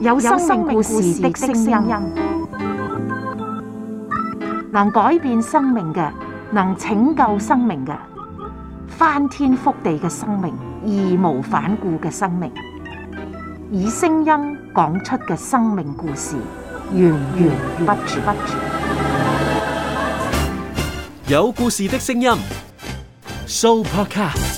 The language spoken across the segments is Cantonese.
有生命故事的聲音，能改變生命嘅，能拯救生命嘅，翻天覆地嘅生命，義無反顧嘅生命，以聲音講出嘅生命故事，源源不絕。有故事的聲音，Supercar。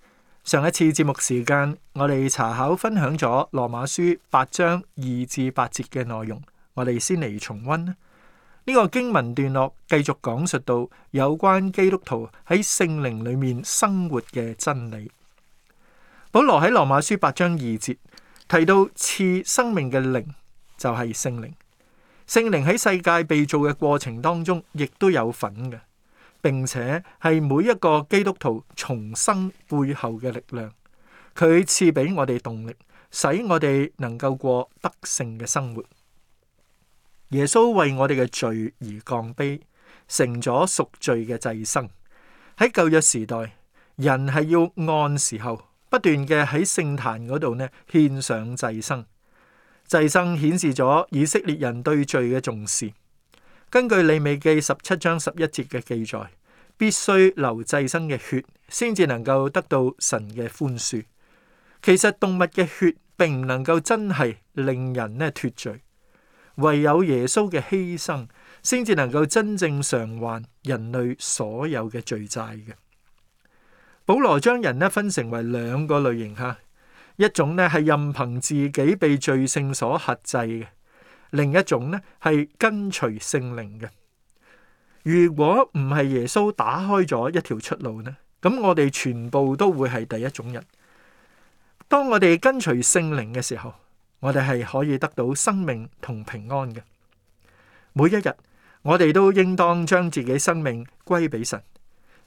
上一次節目時間，我哋查考分享咗羅馬書八章二至八節嘅內容，我哋先嚟重溫。呢個經文段落繼續講述到有關基督徒喺聖靈裏面生活嘅真理。保羅喺羅馬書八章二節提到賜生命嘅靈就係聖靈，聖靈喺世界被造嘅過程當中，亦都有份嘅。並且係每一個基督徒重生背後嘅力量，佢賜俾我哋動力，使我哋能夠過得勝嘅生活。耶穌為我哋嘅罪而降卑，成咗贖罪嘅祭牲。喺舊約時代，人係要按時候不斷嘅喺聖壇嗰度呢，獻上祭牲，祭牲顯示咗以色列人對罪嘅重視。根據利未記十七章十一節嘅記載，必須流祭牲嘅血，先至能夠得到神嘅寬恕。其實動物嘅血並唔能夠真係令人咧脱罪，唯有耶穌嘅犧牲，先至能夠真正償還人類所有嘅罪債嘅。保羅將人呢分成為兩個類型吓，一種呢，係任憑自己被罪性所轄制嘅。另一種呢係跟隨聖靈嘅。如果唔係耶穌打開咗一條出路呢，咁我哋全部都會係第一種人。當我哋跟隨聖靈嘅時候，我哋係可以得到生命同平安嘅。每一日，我哋都應當將自己生命歸俾神，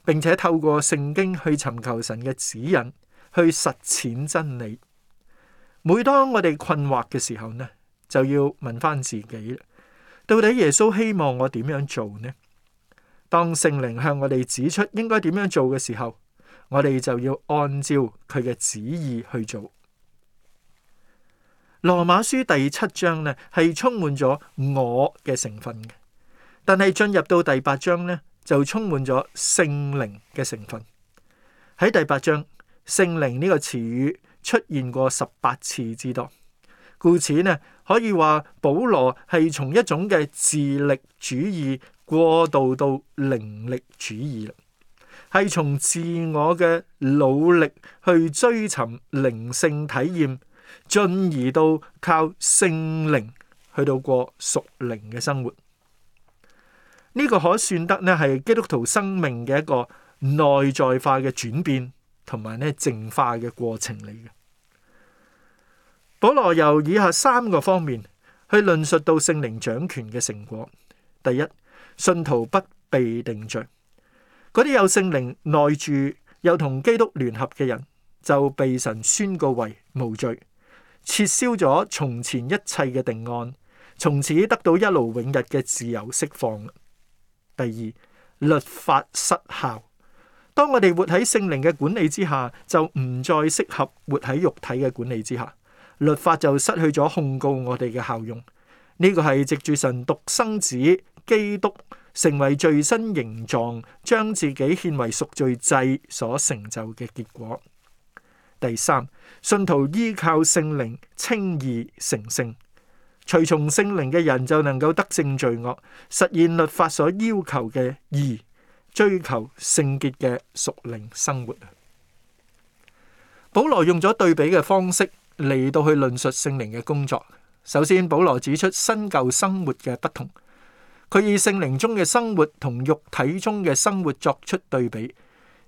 並且透過聖經去尋求神嘅指引，去實踐真理。每當我哋困惑嘅時候呢，就要問翻自己，到底耶穌希望我點樣做呢？當聖靈向我哋指出應該點樣做嘅時候，我哋就要按照佢嘅旨意去做。羅馬書第七章呢係充滿咗我嘅成分嘅，但係進入到第八章呢，就充滿咗聖靈嘅成分。喺第八章，聖靈呢個詞語出現過十八次之多，故此呢。可以話保羅係從一種嘅自力主義過渡到靈力主義啦，係從自我嘅努力去追尋靈性體驗，進而到靠聖靈去到過屬靈嘅生活。呢個可算得咧係基督徒生命嘅一個內在化嘅轉變同埋咧淨化嘅過程嚟嘅。.保羅由以下三個方面去論述到聖靈掌權嘅成果：第一，信徒不被定罪，嗰啲有聖靈內住又同基督聯合嘅人就被神宣告為無罪，撤銷咗從前一切嘅定案，從此得到一勞永逸嘅自由釋放。第二，律法失效，當我哋活喺聖靈嘅管理之下，就唔再適合活喺肉體嘅管理之下。律法就失去咗控告我哋嘅效用，呢、這個係藉住神獨生子基督成為罪身形狀，將自己獻為贖罪祭所成就嘅結果。第三，信徒依靠聖靈輕易成聖，隨從聖靈嘅人就能夠得勝罪惡，實現律法所要求嘅義，追求聖潔嘅屬靈生活。保羅用咗對比嘅方式。嚟到去論述聖靈嘅工作。首先，保羅指出新舊生活嘅不同。佢以聖靈中嘅生活同肉體中嘅生活作出對比，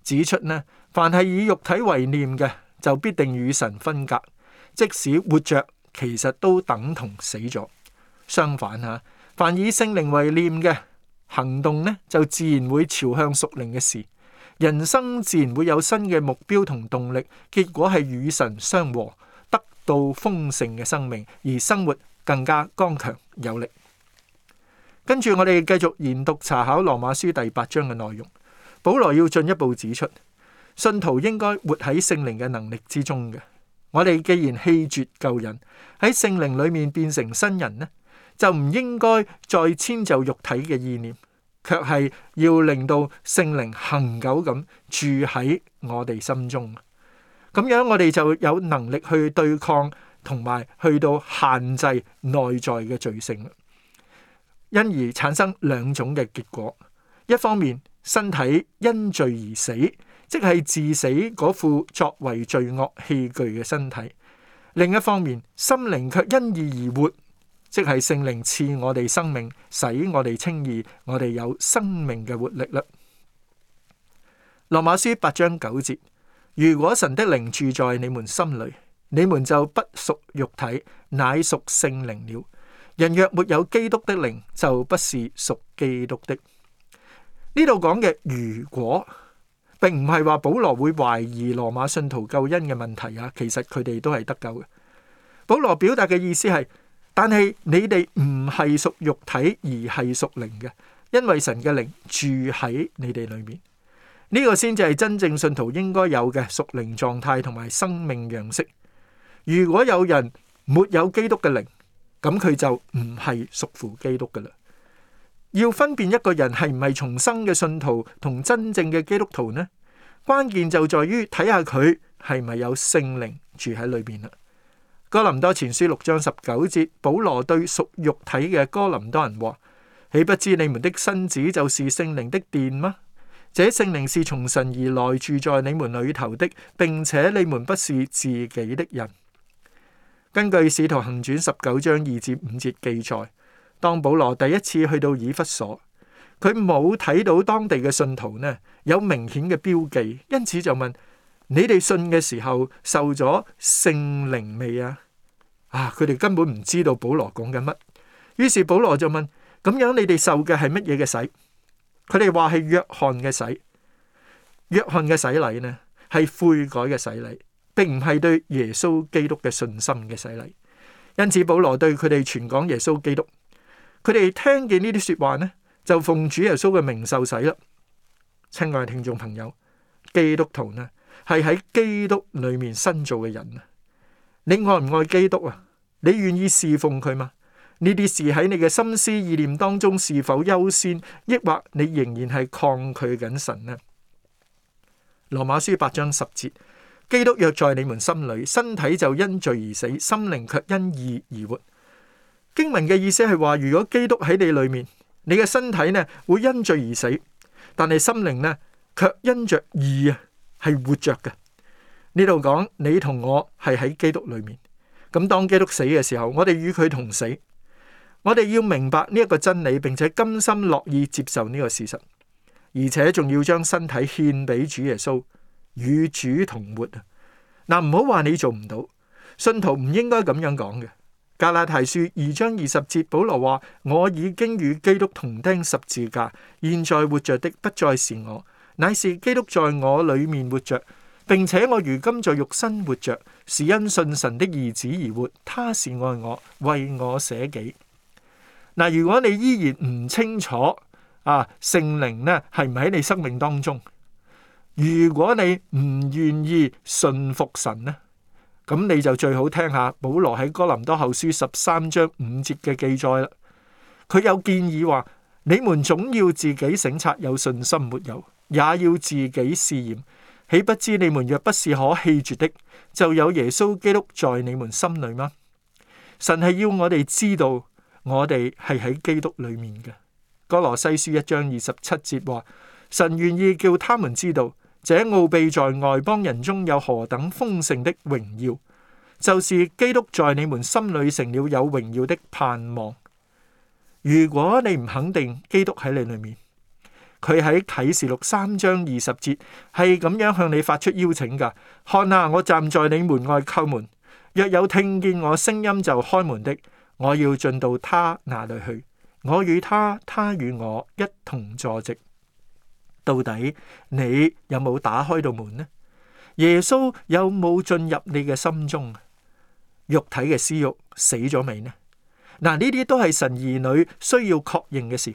指出呢，凡係以肉體為念嘅，就必定與神分隔；即使活着，其實都等同死咗。相反吓，凡以聖靈為念嘅行動呢，就自然會朝向屬靈嘅事，人生自然會有新嘅目標同動力，結果係與神相和，到豐盛嘅生命，而生活更加剛強有力。跟住我哋繼續研讀查考羅馬書第八章嘅內容，保羅要進一步指出，信徒應該活喺聖靈嘅能力之中嘅。我哋既然棄絕舊人，喺聖靈裏面變成新人呢，就唔應該再遷就肉體嘅意念，卻係要令到聖靈恆久咁住喺我哋心中。咁樣我哋就有能力去對抗同埋去到限制內在嘅罪性啦，因而產生兩種嘅結果。一方面身體因罪而死，即係致死嗰副作為罪惡器具嘅身體；另一方面心靈卻因義而活，即係聖靈賜我哋生命，使我哋稱義我哋有生命嘅活力啦。羅馬書八章九節。如果神的靈住在你們心裏，你們就不屬肉體，乃屬聖靈了。人若沒有基督的靈，就不是屬基督的。呢度講嘅如果，並唔係話保羅會懷疑羅馬信徒救恩嘅問題啊，其實佢哋都係得救嘅。保羅表達嘅意思係，但係你哋唔係屬肉體，而係屬靈嘅，因為神嘅靈住喺你哋裏面。呢個先至係真正信徒應該有嘅屬靈狀態同埋生命樣式。如果有人沒有基督嘅靈，咁佢就唔係屬乎基督㗎喇。要分辨一個人係唔係重生嘅信徒同真正嘅基督徒呢？關鍵就在於睇下佢係咪有聖靈住喺裏邊啦。哥林多前書六章十九節，保羅對屬肉體嘅哥林多人話：豈不知你們的身子就是聖靈的殿嗎？這聖靈是從神而來，住在你們裏頭的，並且你們不是自己的人。根據使徒行傳十九章二至五節記載，當保羅第一次去到以弗所，佢冇睇到當地嘅信徒呢有明顯嘅標記，因此就問：你哋信嘅時候受咗聖靈未啊？啊！佢哋根本唔知道保羅講緊乜，於是保羅就問：咁樣你哋受嘅係乜嘢嘅洗？佢哋話係約翰嘅洗，約翰嘅洗禮呢係悔改嘅洗禮，並唔係對耶穌基督嘅信心嘅洗禮。因此保羅對佢哋傳講耶穌基督，佢哋聽見呢啲說話呢，就奉主耶穌嘅名受洗啦。親愛聽眾朋友，基督徒呢係喺基督裏面新造嘅人啊！你愛唔愛基督啊？你願意侍奉佢嗎？呢啲事喺你嘅心思意念當中是否優先，抑或你仍然係抗拒緊神呢？羅馬書八章十節，基督若在你們心裏，身體就因罪而死，心靈卻因義而活。經文嘅意思係話，如果基督喺你裏面，你嘅身體呢會因罪而死，但係心靈呢卻因着義啊係活着嘅。呢度講你同我係喺基督裏面，咁當基督死嘅時候，我哋與佢同死。我哋要明白呢一個真理，並且甘心樂意接受呢個事實，而且仲要將身體獻俾主耶穌，與主同活。嗱，唔好話你做唔到，信徒唔應該咁樣講嘅。加拉太書二章二十節，保羅話：我已經與基督同釘十字架，現在活着的不再是我，乃是基督在我裏面活着，並且我如今在肉身活着，是因信神的兒子而活，他是愛我，為我捨己。嗱，如果你依然唔清楚啊，聖靈咧係唔喺你生命當中，如果你唔願意順服神咧，咁你就最好聽下保羅喺哥林多後書十三章五節嘅記載啦。佢有建議話：你們總要自己省察有信心沒有，也要自己試驗。豈不知你們若不是可棄絕的，就有耶穌基督在你們心裏嗎？神係要我哋知道。我哋係喺基督裏面嘅。哥羅西書一章二十七節話：神願意叫他們知道，這奧秘在外邦人中有何等豐盛的榮耀，就是基督在你們心裏成了有榮耀的盼望。如果你唔肯定基督喺你裏面，佢喺啟示錄三章二十節係咁樣向你發出邀請噶。看啊，我站在你門外叩門，若有聽見我聲音就開門的。我要進到他那裏去，我與他，他與我一同坐席。到底你有冇打開到門呢？耶穌有冇進入你嘅心中啊？肉體嘅私欲死咗未呢？嗱，呢啲都係神兒女需要確認嘅事。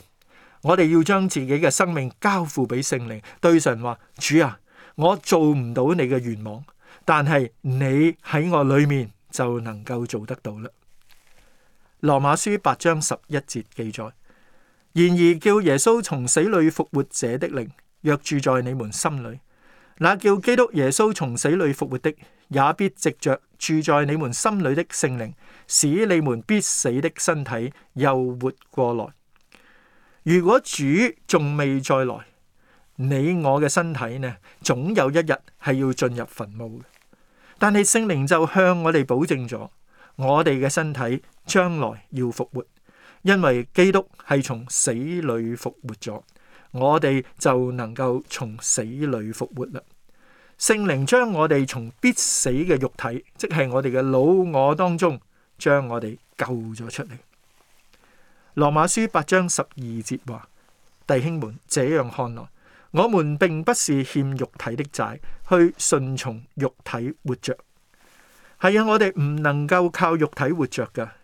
我哋要將自己嘅生命交付俾聖靈，對神話：主啊，我做唔到你嘅願望，但係你喺我裏面就能夠做得到啦。羅馬書八章十一節記載：然而叫耶穌從死裏復活者的靈，若住在你們心裏，那叫基督耶穌從死裏復活的，也必藉着着住在你們心裏的聖靈，使你們必死的身體又活過來。如果主仲未再來，你我嘅身體呢，總有一日係要進入墳墓嘅。但係聖靈就向我哋保證咗。我哋嘅身體將來要復活，因為基督係從死裏復活咗，我哋就能夠從死裏復活啦。聖靈將我哋從必死嘅肉體，即係我哋嘅老我當中，將我哋救咗出嚟。羅馬書八章十二節話：「弟兄們，這樣看來，我們並不是欠肉體的債，去順從肉體活着。」係啊，我哋唔能夠靠肉體活着噶。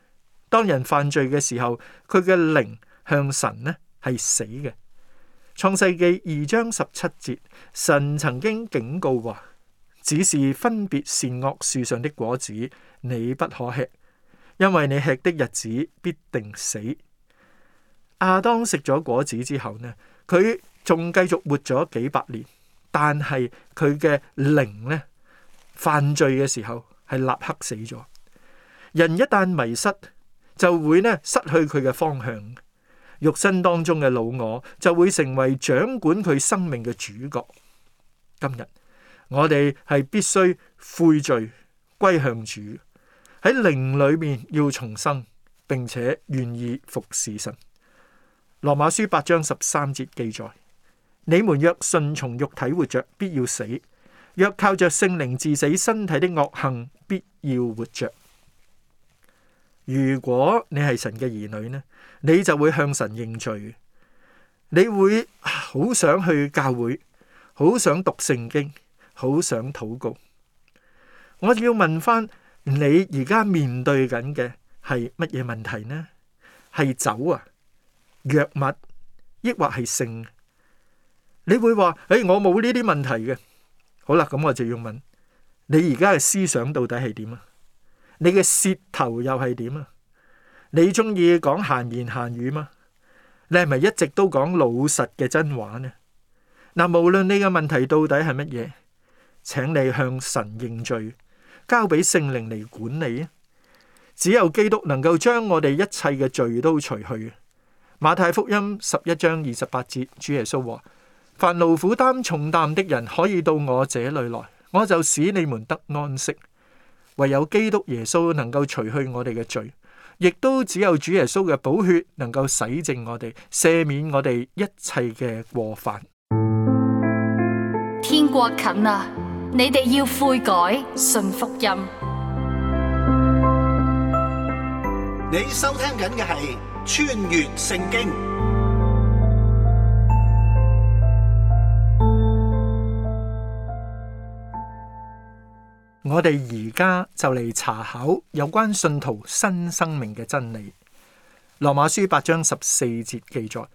當人犯罪嘅時候，佢嘅靈向神呢係死嘅。創世紀二章十七節，神曾經警告過，只是分別善惡樹上的果子，你不可吃，因為你吃的日子必定死。阿當食咗果子之後呢，佢仲繼續活咗幾百年，但係佢嘅靈呢，犯罪嘅時候。係立刻死咗。人一旦迷失，就會呢失去佢嘅方向。肉身當中嘅老我就會成為掌管佢生命嘅主角。今日我哋係必須悔罪、歸向主，喺靈裏面要重生，並且願意服侍神。羅馬書八章十三節記載：你們若順從肉體活着，必要死。若靠着聖靈治死，身體的惡行必要活着。如果你係神嘅兒女呢，你就會向神認罪，你會好想去教會，好想讀聖經，好想禱告。我要問翻你而家面對緊嘅係乜嘢問題呢？係酒啊、藥物，抑或係性？你會話：誒，我冇呢啲問題嘅。好啦，咁我就要問你：而家嘅思想到底係點啊？你嘅舌頭又係點啊？你中意講閒言閒語嗎？你係咪一直都講老實嘅真話呢？嗱，無論你嘅問題到底係乜嘢，請你向神認罪，交俾聖靈嚟管理你啊！只有基督能夠將我哋一切嘅罪都除去。馬太福音十一章二十八節，主耶穌話。凡勞苦擔重擔的人，可以到我這裏來，我就使你們得安息。唯有基督耶穌能夠除去我哋嘅罪，亦都只有主耶穌嘅寶血能夠洗淨我哋、赦免我哋一切嘅過犯。天國近啊，你哋要悔改、信福音。你收聽緊嘅係《穿越聖經》。我哋而家就嚟查考有關信徒新生命嘅真理。羅馬書八章十四節記載：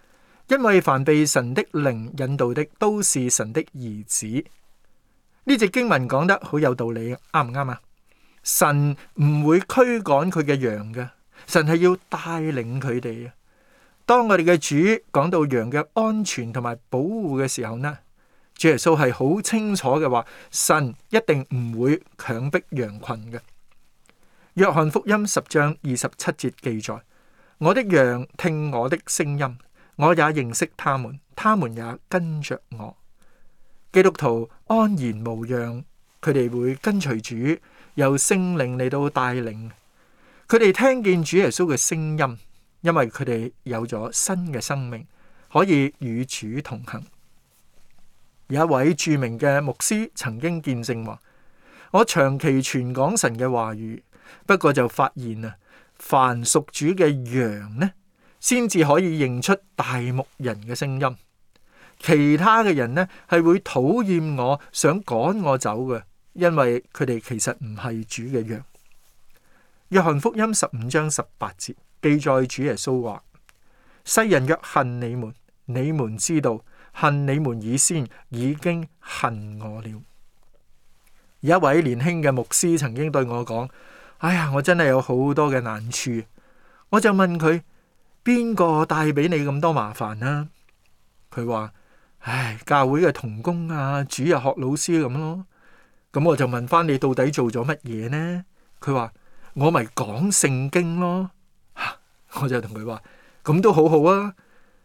因為凡被神的靈引導的，都是神的兒子。呢隻經文講得好有道理啊，啱唔啱啊？神唔會驅趕佢嘅羊嘅，神係要帶領佢哋啊。當我哋嘅主講到羊嘅安全同埋保護嘅時候呢，主耶穌係好清楚嘅話，神一定唔會強迫羊群嘅。約翰福音十章二十七節記載：我的羊聽我的聲音，我也認識他們，他們也跟着我。基督徒安然無恙，佢哋會跟隨主，由聖靈嚟到帶領。佢哋聽見主耶穌嘅聲音，因為佢哋有咗新嘅生命，可以與主同行。有一位著名嘅牧師曾經見證話：我長期傳講神嘅話語，不過就發現啊，凡屬主嘅羊呢，先至可以認出大牧人嘅聲音；其他嘅人呢，係會討厭我，想趕我走嘅，因為佢哋其實唔係主嘅羊。約翰福音十五章十八節記載主耶穌話：世人若恨你們，你們知道。恨你們以先已經恨我了。有一位年輕嘅牧師曾經對我講：哎呀，我真係有好多嘅難處。我就問佢：邊個帶俾你咁多麻煩啊？佢話：唉，教會嘅童工啊，主日學老師咁咯。咁我就問翻你到底做咗乜嘢呢？佢話：我咪講聖經咯。啊，我就同佢話：咁都好好啊，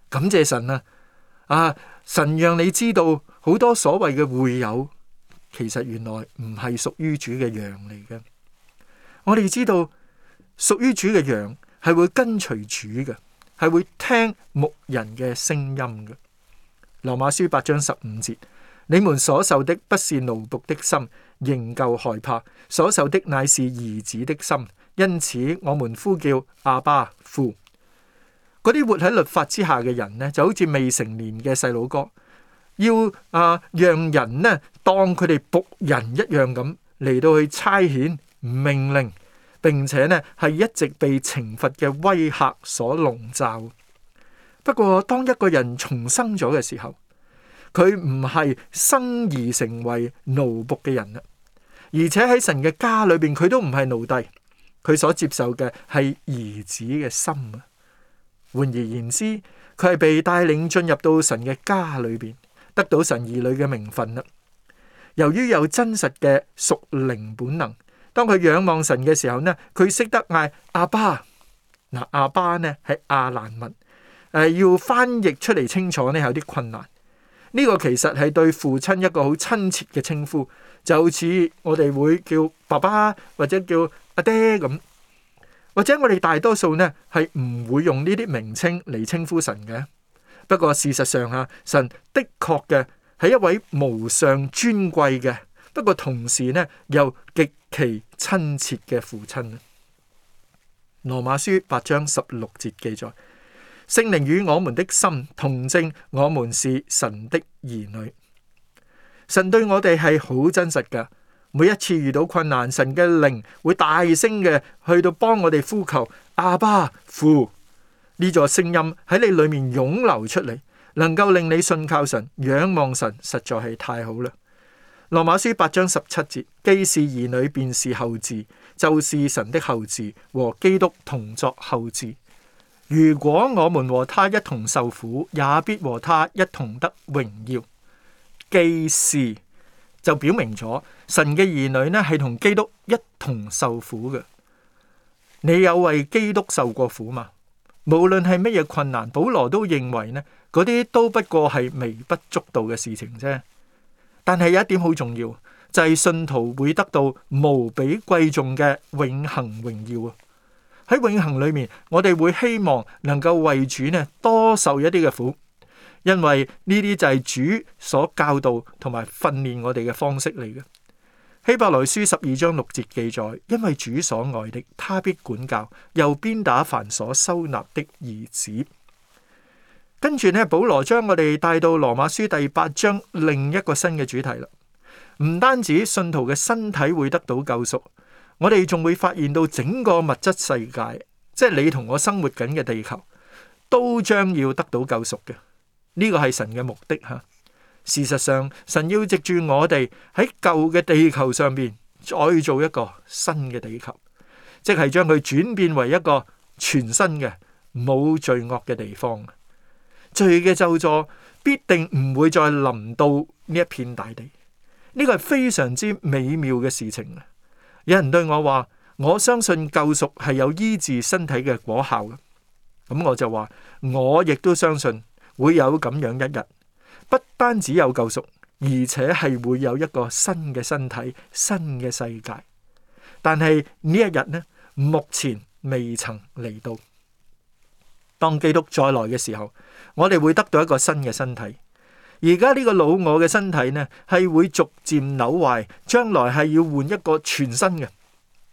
感謝神啊，啊！神讓你知道好多所謂嘅會友，其實原來唔係屬於主嘅羊嚟嘅。我哋知道，屬於主嘅羊係會跟隨主嘅，係會聽牧人嘅聲音嘅。羅馬書八章十五節：你們所受的不是奴僕的心，仍舊害怕；所受的乃是兒子的心，因此我們呼叫阿爸父。嗰啲活喺律法之下嘅人咧，就好似未成年嘅細佬哥，要啊讓人咧當佢哋僕人一樣咁嚟到去差遣命令，並且呢係一直被懲罰嘅威吓所籠罩。不過，當一個人重生咗嘅時候，佢唔係生而成為奴僕嘅人啦，而且喺神嘅家裏邊，佢都唔係奴隸，佢所接受嘅係兒子嘅心啊。換而言之，佢係被帶領進入到神嘅家裏邊，得到神兒女嘅名分啦。由於有真實嘅屬靈本能，當佢仰望神嘅時候呢，佢識得嗌阿爸。嗱，阿爸呢係阿蘭文，誒要翻譯出嚟清楚呢有啲困難。呢、這個其實係對父親一個好親切嘅稱呼，就好似我哋會叫爸爸或者叫阿爹咁。或者我哋大多數呢係唔會用呢啲名稱嚟稱呼神嘅。不過事實上吓，神的確嘅係一位無上尊貴嘅，不過同時呢又極其親切嘅父親。羅馬書八章十六節記載：聖靈與我們的心同證，我們是神的兒女。神對我哋係好真實噶。每一次遇到困難，神嘅靈會大聲嘅去到幫我哋呼求阿爸父，呢座聲音喺你裏面湧流出嚟，能夠令你信靠神、仰望神，實在係太好啦！羅馬書八章十七節，既是兒女，便是後嗣，就是神的後嗣，和基督同作後嗣。如果我們和他一同受苦，也必和他一同得榮耀。既是就表明咗神嘅兒女呢係同基督一同受苦嘅。你有為基督受過苦嘛？無論係乜嘢困難，保羅都認為呢嗰啲都不過係微不足道嘅事情啫。但係有一點好重要，就係信徒會得到無比貴重嘅永恆榮耀啊！喺永恆裏面，我哋會希望能夠為主呢多受一啲嘅苦。因為呢啲就係主所教導同埋訓練我哋嘅方式嚟嘅。希伯來書十二章六節記載：因為主所愛的，他必管教，又鞭打凡所收納的兒子。跟住呢，保羅將我哋帶到羅馬書第八章另一個新嘅主題啦。唔單止信徒嘅身體會得到救贖，我哋仲會發現到整個物質世界，即係你同我生活緊嘅地球，都將要得到救贖嘅。呢個係神嘅目的吓、啊，事實上神要藉住我哋喺舊嘅地球上邊再做一個新嘅地球，即係將佢轉變為一個全新嘅冇罪惡嘅地方。罪嘅咒詛必定唔會再臨到呢一片大地。呢個係非常之美妙嘅事情。有人對我話：我相信救贖係有醫治身體嘅果效嘅。咁我就話：我亦都相信。會有咁樣一日，不單止有救贖，而且係會有一個新嘅身體、新嘅世界。但係呢一日呢，目前未曾嚟到。當基督再來嘅時候，我哋會得到一個新嘅身體。而家呢個老我嘅身體呢，係會逐漸扭壞，將來係要換一個全新嘅。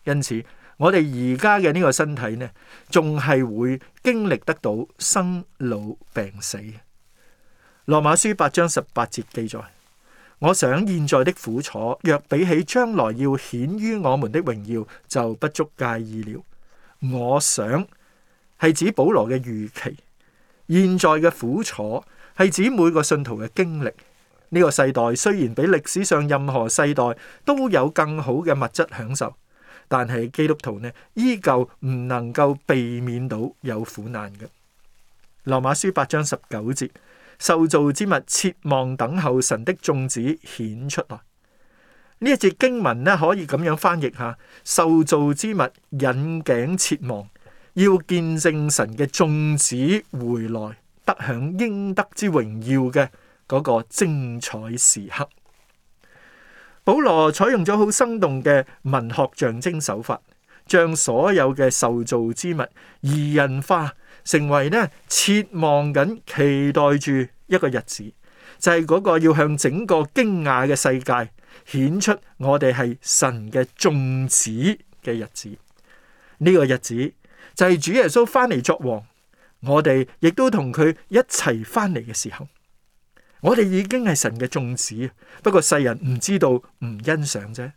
因此，我哋而家嘅呢個身體呢，仲係會經歷得到生老病死。羅馬書八章十八節記載：我想現在的苦楚，若比起將來要顯於我們的榮耀，就不足介意了。我想係指保羅嘅預期，現在嘅苦楚係指每個信徒嘅經歷。呢個世代雖然比歷史上任何世代都有更好嘅物質享受。但係基督徒呢，依舊唔能夠避免到有苦難嘅。羅馬書八章十九節：受造之物切望等候神的眾子顯出來。呢一節經文呢，可以咁樣翻譯吓，受造之物引頸切望，要見證神嘅眾子回來，得享應得之榮耀嘅嗰個精彩時刻。保羅採用咗好生動嘅文學象徵手法，將所有嘅受造之物擬人化，成為咧切望緊、期待住一個日子，就係、是、嗰個要向整個驚訝嘅世界顯出我哋係神嘅眾子嘅日子。呢、這個日子就係、是、主耶穌翻嚟作王，我哋亦都同佢一齊翻嚟嘅時候。我哋已經係神嘅眾子，不過世人唔知道、唔欣賞啫。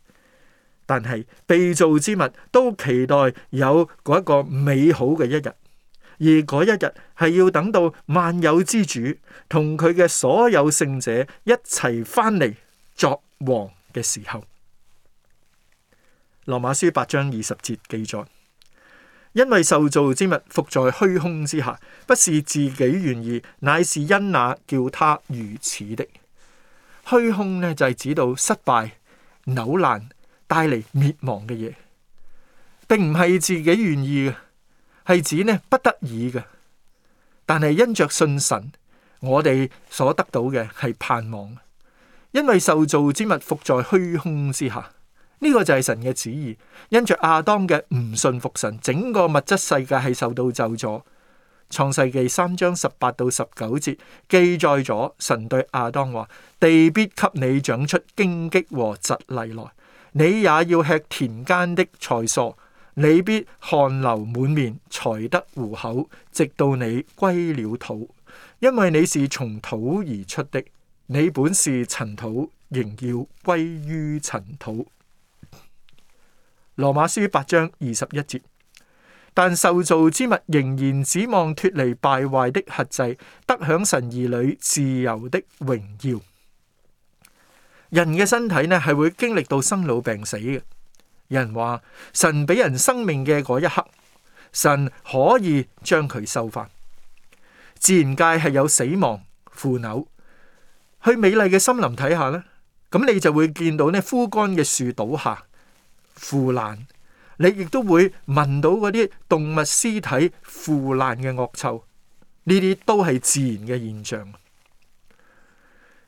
但係被造之物都期待有嗰一個美好嘅一日，而嗰一日係要等到萬有之主同佢嘅所有聖者一齊翻嚟作王嘅時候。羅馬書八章二十節記載。因為受造之物伏在虛空之下，不是自己願意，乃是因那叫他如此的。虛空咧就係、是、指到失敗、扭爛、帶嚟滅亡嘅嘢，並唔係自己願意嘅，係指呢不得已嘅。但係因着信神，我哋所得到嘅係盼望。因為受造之物伏在虛空之下。呢個就係神嘅旨意，因着亞當嘅唔信服神，整個物質世界係受到咒詛。創世紀三章十八到十九節記載咗神對亞當話：地必給你長出荊棘和蒺藜來，你也要吃田間的菜蔬，你必汗流滿面才得糊口，直到你歸了土，因為你是從土而出的，你本是塵土，仍要歸於塵土。羅馬書八章二十一節，但受造之物仍然指望脫離敗壞的轄制，得享神兒女自由的榮耀。人嘅身體呢係會經歷到生老病死嘅。有人話神俾人生命嘅嗰一刻，神可以將佢收翻。自然界係有死亡腐朽。去美麗嘅森林睇下咧，咁你就會見到呢枯乾嘅樹倒下。腐爛，你亦都會聞到嗰啲動物屍體腐爛嘅惡臭，呢啲都係自然嘅現象。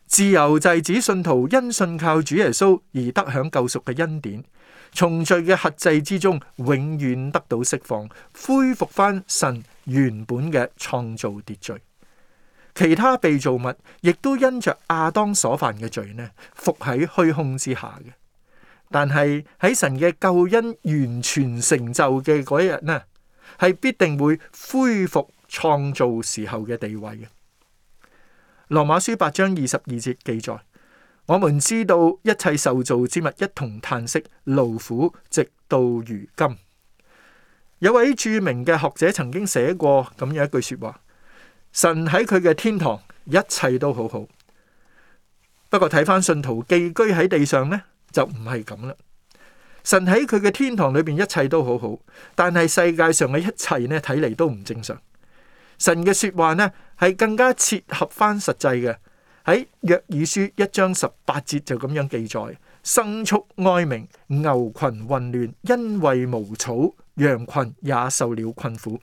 自由就指信徒因信靠主耶穌而得享救贖嘅恩典，從罪嘅轄制之中永遠得到釋放，恢復翻神原本嘅創造秩序。其他被造物亦都因着亞當所犯嘅罪呢，伏喺虛空之下嘅。但係喺神嘅救恩完全成就嘅嗰一日呢，係必定會恢復創造時候嘅地位嘅。羅馬書八章二十二節記載，我們知道一切受造之物一同嘆息勞苦，直到如今。有位著名嘅學者曾經寫過咁樣一句說話：神喺佢嘅天堂一切都好好，不過睇翻信徒寄居喺地上呢，就唔係咁啦，神喺佢嘅天堂裏面一切都好好，但係世界上嘅一切呢，睇嚟都唔正常。神嘅說話呢係更加切合翻實際嘅。喺《約珥書》一章十八節就咁樣記載：牲畜哀鳴，牛群混亂，因為無草，羊群也受了困苦。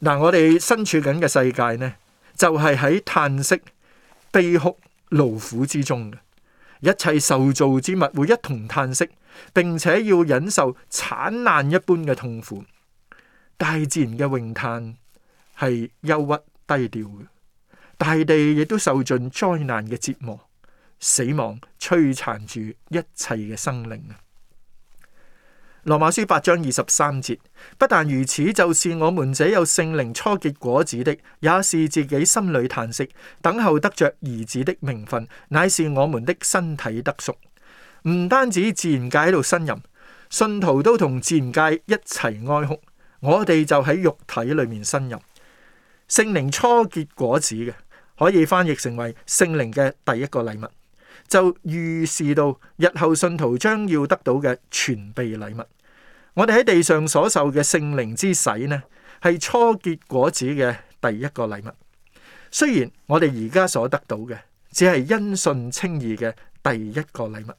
嗱、嗯，我哋身處緊嘅世界呢，就係、是、喺嘆息、悲哭、勞苦之中嘅。一切受造之物會一同嘆息，並且要忍受慘難一般嘅痛苦。大自然嘅詠嘆係憂鬱低調嘅，大地亦都受盡災難嘅折磨，死亡摧殘住一切嘅生靈。羅馬書八章二十三節，不但如此，就是我們這有聖靈初結果子的，也是自己心裏嘆息，等候得着兒子的名分，乃是我們的身體得贖。唔單止自然界喺度呻吟，信徒都同自然界一齊哀哭。我哋就喺肉體裏面呻吟，聖靈初結果子嘅，可以翻譯成為聖靈嘅第一個禮物，就預示到日後信徒將要得到嘅全備禮物。我哋喺地上所受嘅聖靈之洗，呢，係初結果子嘅第一個禮物。雖然我哋而家所得到嘅，只係因信稱義嘅第一個禮物。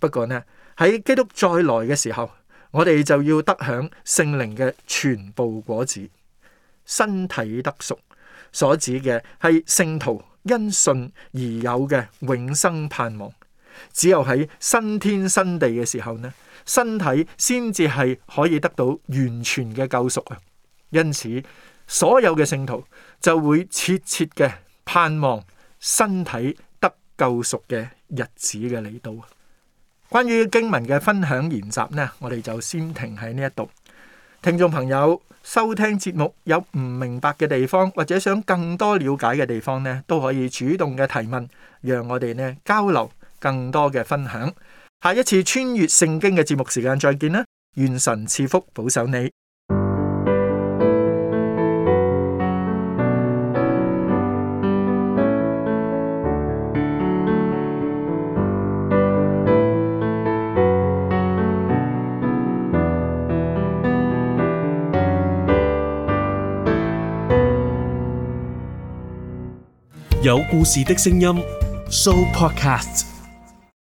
不過呢，喺基督再來嘅時候，我哋就要得享聖靈嘅全部果子，身體得贖。所指嘅係聖徒因信而有嘅永生盼望。只有喺新天新地嘅時候呢，身體先至係可以得到完全嘅救贖啊！因此，所有嘅聖徒就會切切嘅盼望身體得救贖嘅日子嘅嚟到啊！關於經文嘅分享研習呢，我哋就先停喺呢一度。聽眾朋友，收聽節目有唔明白嘅地方或者想更多了解嘅地方呢，都可以主動嘅提問，讓我哋呢交流更多嘅分享。下一次穿越聖經嘅節目時間再見啦！願神賜福保守你。有故事的聲音，Show Podcast。